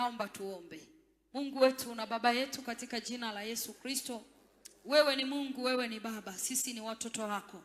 Naomba tuombe. Mungu wetu na Baba yetu, katika jina la Yesu Kristo, wewe ni Mungu, wewe ni Baba, sisi ni watoto wako.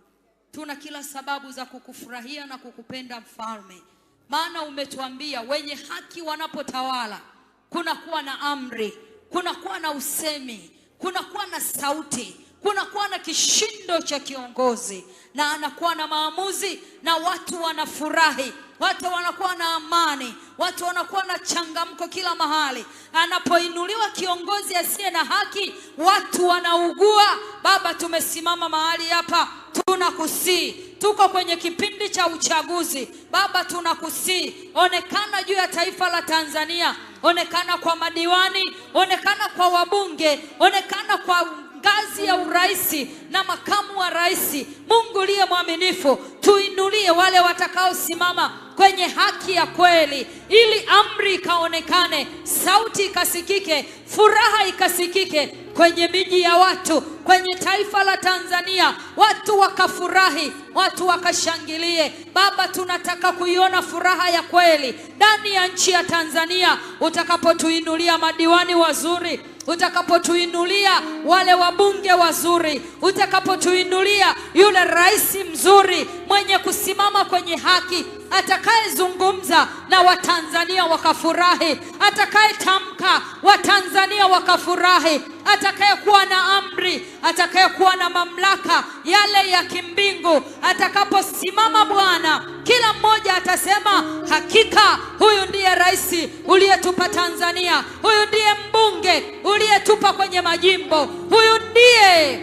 Tuna kila sababu za kukufurahia na kukupenda Mfalme, maana umetuambia wenye haki wanapotawala kunakuwa na amri, kunakuwa na usemi, kunakuwa na sauti kunakuwa na kishindo cha kiongozi na anakuwa na maamuzi na watu wanafurahi, watu wanakuwa na amani, watu wanakuwa na changamko kila mahali. Anapoinuliwa kiongozi asiye na haki, watu wanaugua. Baba, tumesimama mahali hapa, tunakusii tuko kwenye kipindi cha uchaguzi. Baba, tunakusii, onekana juu ya taifa la Tanzania, onekana kwa madiwani, onekana kwa wabunge, onekana kwa ngazi ya uraisi na makamu wa raisi Mungu liye mwaminifu, tuinulie wale watakaosimama kwenye haki ya kweli, ili amri ikaonekane, sauti ikasikike, furaha ikasikike kwenye miji ya watu kwenye taifa la Tanzania, watu wakafurahi, watu wakashangilie. Baba, tunataka kuiona furaha ya kweli ndani ya nchi ya Tanzania utakapotuinulia madiwani wazuri utakapotuinulia wale wabunge wazuri, utakapotuinulia yule rais mzuri mwenye kusimama kwenye haki, atakayezungumza na Watanzania wakafurahi, atakayetamka Watanzania wakafurahi, atakayekuwa na amri atakayekuwa na mamlaka yale ya kimbingu. Atakaposimama Bwana, kila mmoja atasema hakika huyu ndiye rais uliyetupa Tanzania, huyu ndiye mbunge uliyetupa kwenye majimbo, huyu ndiye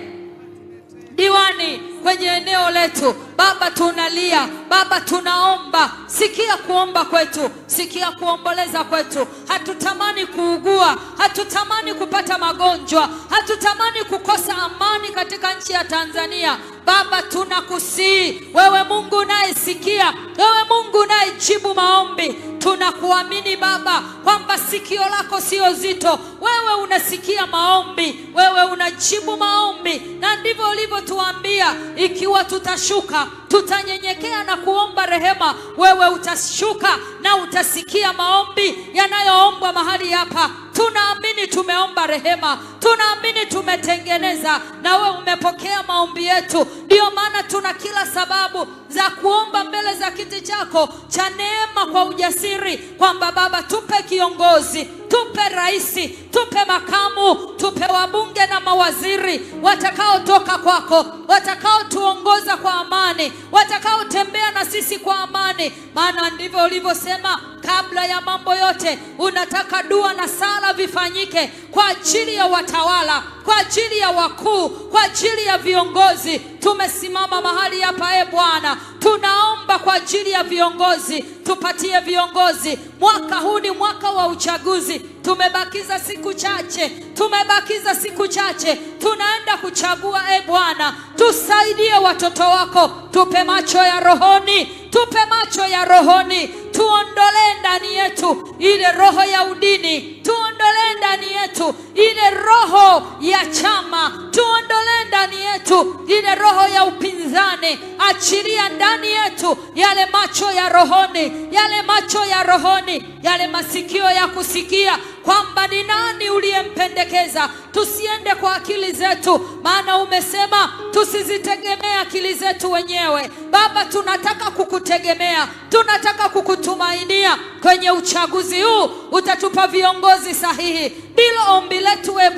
diwani kwenye eneo letu. Baba tunalia, Baba tunaomba, sikia kuomba kwetu, sikia kuomboleza kwetu. Hatutamani kuugua, hatutamani kupata magonjwa, hatutamani kukosa amani katika nchi ya Tanzania. Baba tunakusii wewe, Mungu unayesikia, wewe Mungu unayejibu maombi, tunakuamini Baba kwamba sikio lako sio zito, wewe unasikia maombi, wewe unajibu maombi, na ndivyo ulivyotuambia, ikiwa tutashuka tutanyenyekea na kuomba rehema, wewe utashuka na utasikia maombi yanayoombwa mahali hapa. Tunaamini tumeomba rehema, tunaamini tumetengeneza, na wewe umepokea maombi yetu. Ndiyo maana tuna kila sababu za kuomba mbele za kiti chako cha neema kwa ujasiri, kwamba Baba, tupe kiongozi tupe rais, tupe makamu, tupe wabunge na mawaziri watakaotoka kwako, watakaotuongoza kwa amani, watakaotembea na sisi kwa amani, maana ndivyo ulivyosema kabla ya mambo yote, unataka dua na sala vifanyike kwa ajili ya watawala, kwa ajili ya wakuu, kwa ajili ya viongozi. Tumesimama mahali hapa, e Bwana, tunaomba kwa ajili ya viongozi, tupatie viongozi. Mwaka huu ni mwaka wa uchaguzi, tumebakiza siku chache, tumebakiza siku chache, tunaenda kuchagua. E Bwana, tusaidie watoto wako, tupe macho ya rohoni, tupe macho ya rohoni tuondolee ndani yetu ile roho ya udini, tuondolee ndani yetu ile roho ya chama, tuondolee ndani yetu ile roho ya upinzani. Achilia ndani yetu yale macho ya rohoni, yale macho ya rohoni, yale masikio ya kusikia kwamba ni nani uliyempendekeza. Tusiende kwa akili zetu, maana umesema tusizitegemee akili zetu wenyewe. Baba, tunataka kukutegemea, tunataka kukutumainia. Kwenye uchaguzi huu utatupa viongozi sahihi, ndilo ombi letu. E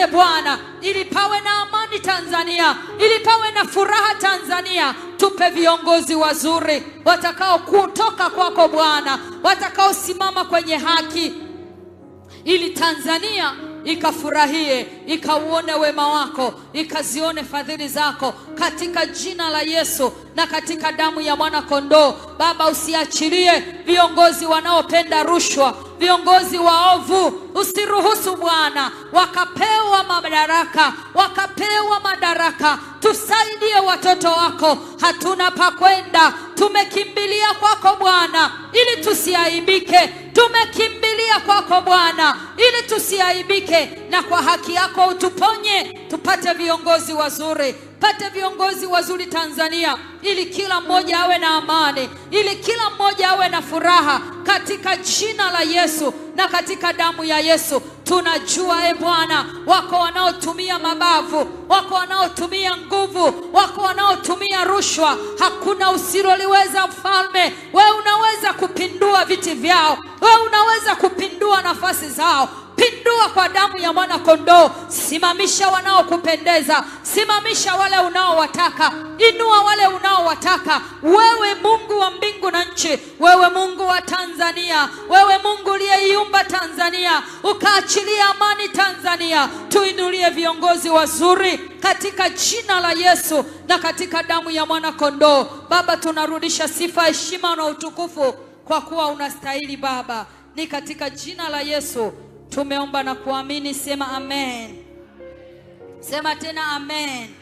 wewe Bwana, ili pawe na amani Tanzania, ili pawe na furaha Tanzania. Tupe viongozi wazuri watakao kutoka kwako Bwana, watakaosimama kwenye haki, ili Tanzania ikafurahie ikauone wema wako ikazione fadhili zako katika jina la Yesu na katika damu ya mwana kondoo. Baba, usiachilie viongozi wanaopenda rushwa, viongozi waovu Usiruhusu Bwana wakapewa madaraka, wakapewa madaraka. Tusaidie watoto wako, hatuna pa kwenda, tumekimbilia kwako Bwana ili tusiaibike, tumekimbilia kwako Bwana ili tusiaibike, na kwa haki yako utuponye, tupate viongozi wazuri pate viongozi wazuri Tanzania, ili kila mmoja awe na amani, ili kila mmoja awe na furaha katika jina la Yesu na katika damu ya Yesu. Tunajua e Bwana, wako wanaotumia mabavu, wako wanaotumia nguvu, wako wanaotumia rushwa. Hakuna usiloliweza mfalme. We unaweza kupindua viti vyao, we unaweza kupindua nafasi zao inua kwa damu ya mwana kondoo, simamisha wanaokupendeza, simamisha wale unaowataka, inua wale unaowataka. Wewe Mungu wa mbingu na nchi, wewe Mungu wa Tanzania, wewe Mungu uliyeiumba Tanzania, ukaachilia amani Tanzania. Tuinulie viongozi wazuri katika jina la Yesu na katika damu ya mwana kondoo. Baba, tunarudisha sifa, heshima na utukufu kwa kuwa unastahili Baba, ni katika jina la Yesu. Tumeomba na kuamini, sema amen. Sema tena amen.